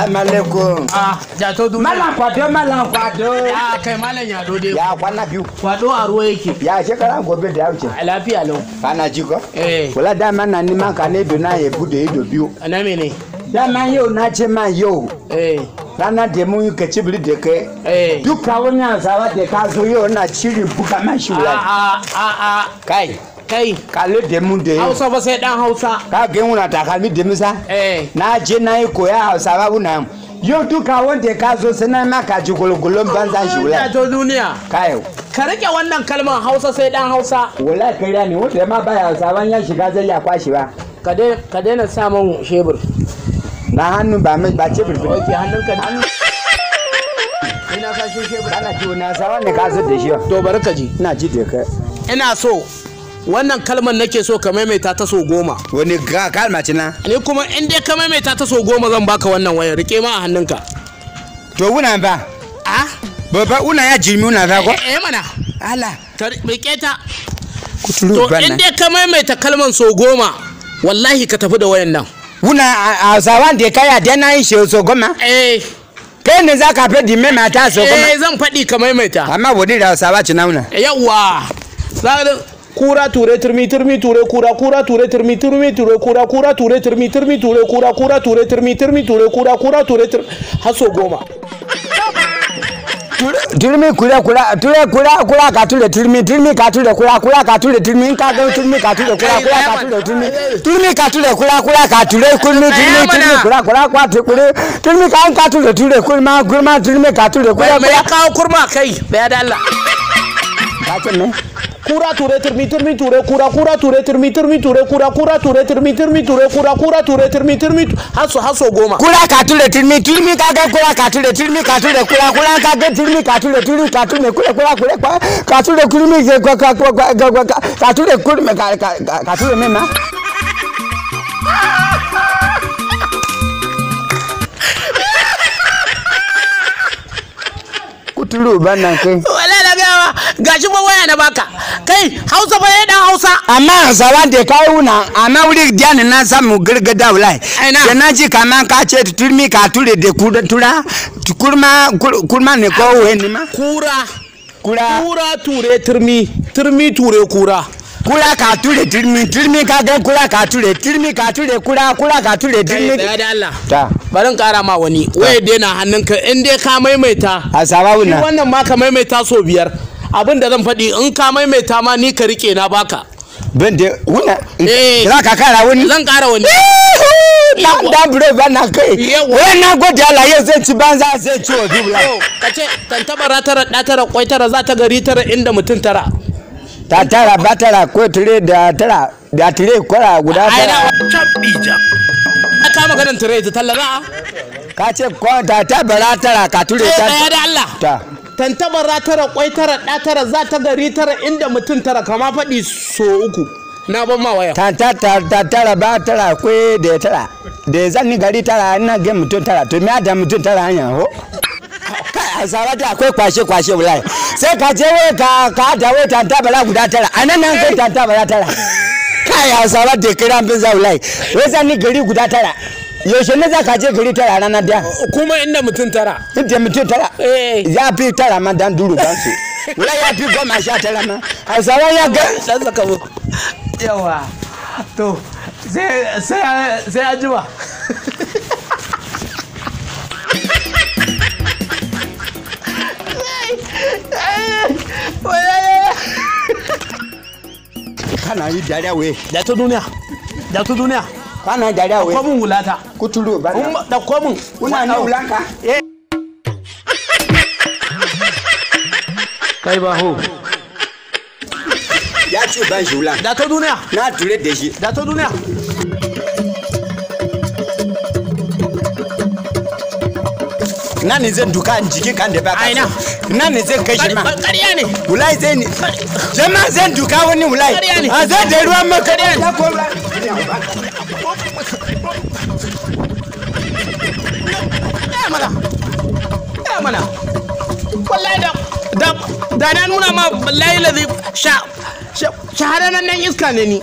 Assalamu alaikum. Ah, jato duniya. Malam kwado, malam kwado. y'a kai malam Ya kwana biyu. Kwado a ruwa yake. Ya shekara gobe da yauce. A lafiya lau. Kana ji kɔ. Eh. Kula da man man ka ne dona ya bude ido biyu. Ana mene? Da man na ce ma yau. Eh. Rana da mun yi kacibiri da kai. Eh. Duka da ka zo yau na ciri buka man shi wula. Ah, ah, ah, kai. kai kalle da mun da hausa ba sai dan hausa ka ga ta kalmi da sa eh na je na yi koya hausa babu y'o yau ka wanda ka zo na ma ka ji gulgulun banza shi wula to duniya kai ka rike wannan kalmar hausa sai dan hausa wala kai ne wanda ma baya hausa ban ya shiga zai ya kwashi ba ka daina mun shebur na hannu ba mai ba ce birbiri ke hannun ka hannu ina shi shebur kana ji wani sa ne ka zo da shi to bari ka ji ina ji da kai ina so wannan kalmar nake so ka maimaita ta so goma wani kalma ce na ni kuma in dai ka maimaita ta so goma zan baka wannan wayar rike ma a hannunka to una ba a baba una ya jimi una za ko eh, eh mana ala rike ta to in dai ka maimaita kalmar so goma wallahi ka tafi da wayan nan una a zawan da kaya da na yin shi so goma eh kai ne za ka faɗi maimaita so goma eh zan faɗi ka maimaita amma wani da sabaci nauna yawwa kura ture turmi turmi ture kura kura ture turmi turmi ture kura kura ture turmi turmi ture kura kura ture turmi turmi ture kura kura ture turmi haso goma turmi kura kura ture kura kura ka ture turmi turmi ka ture kura kura ka ture turmi ka ga turmi ka ture kura kura ka ture turmi turmi ka ture kura kura ka ture kurmi turmi turmi kura kura kwa ture kure turmi ka ka ture ture kurma kurma turmi ka ture kura kura ka kurma kai bayan Allah ka ce me kura ture tirmi tirmi ture kura kura ture tirmi tirmi ture kura kura ture tirmi tirmi ture kura kura ture tirmi tirmi haso haso goma kura ka ture tirmi tirmi ka ga kura ka ture tirmi ka ture kura kura ka ga tirmi ka ture tirmi ka ture kura kura kura ka ka ture kurmi ka ka ka ka ture kurmi ka ka ture mema kuturu ba na ke gashi ba waya na baka kai hausa ba ya dan hausa amma zawa da kai una amma wuri diani na samu girgada wallahi da na ji kama ka ce turmi ka ture da tura kurma kurma ne ko wani ma kura kura kura ture turmi turmi ture kura kura ka ture turmi turmi ka ga kura ka ture turmi ka ture kura kura ka ture turmi da da Allah ta barin kara ma wani waye na. hannunka in dai ka maimaita a sababu na wannan ma ka maimaita so biyar abin da zan faɗi in ka maimaita ma ni ka rike na baka ban da wuna za eh. ka kara wani zan kara wani na da bure ba na kai wai na gode Allah yau zai ci banza zai ci wa dubla ka ce kan taba tara da tara tara za ta gari tara inda mutum tara ta tara ba tara ko tire da tara da tire kwara guda tara Aina na ja. bija ka maganar tire ta talla ka ce ko ta tabara tara ka ture eh, ta eh da Allah ta tantabar tara kwai tara ɗa tara za ta gari tara inda mutum tara kama faɗi so uku na ban ma waya ta ta ta tara ba tara kwai da tara da zanni gari tara ina ga mutum tara to me da mutum tara hanya ho a ta akwai kwashe kwashe wulai sai ka je wai ka ka da wai tantabara guda tara anan nan kai tantabara tara kai a da kiran bin zaulai wai zanni gari guda tara yaushe ne za ka je gari tara ranar da kuma inda mutum tara inda mutum tara eh. ya fi tara ma dan duru ban su wala ya fi goma sha tara ma hausawa ya ga san saka mu yawa to sai sai sai kana yi dariya we da ta duniya da ta duniya kana da rawe ko mun wulata kuturo ba da ko mun kuna ne wulanka eh. kai ba ho ya ci ban shi wulan da to duniya na ture da shi da to duniya na ne zan duka in jiki kan da baka aina na ne zan kai shi ma ƙarya ne wulai zai ne jama zan duka wani wulai a zai da ruwan maka ne ya mana wallahi da da da na nuna ma wallahi lazi sha shaharanan nan iska ne ni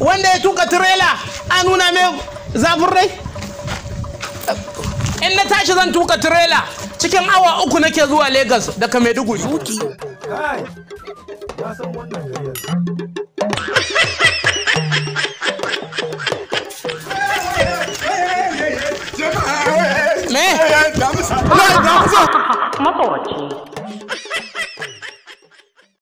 wanda ya tuka tirela a nuna mai zafin rai in na tashi zan tuka tirela cikin awa uku nake zuwa lagos daga maiduguri 没多少钱。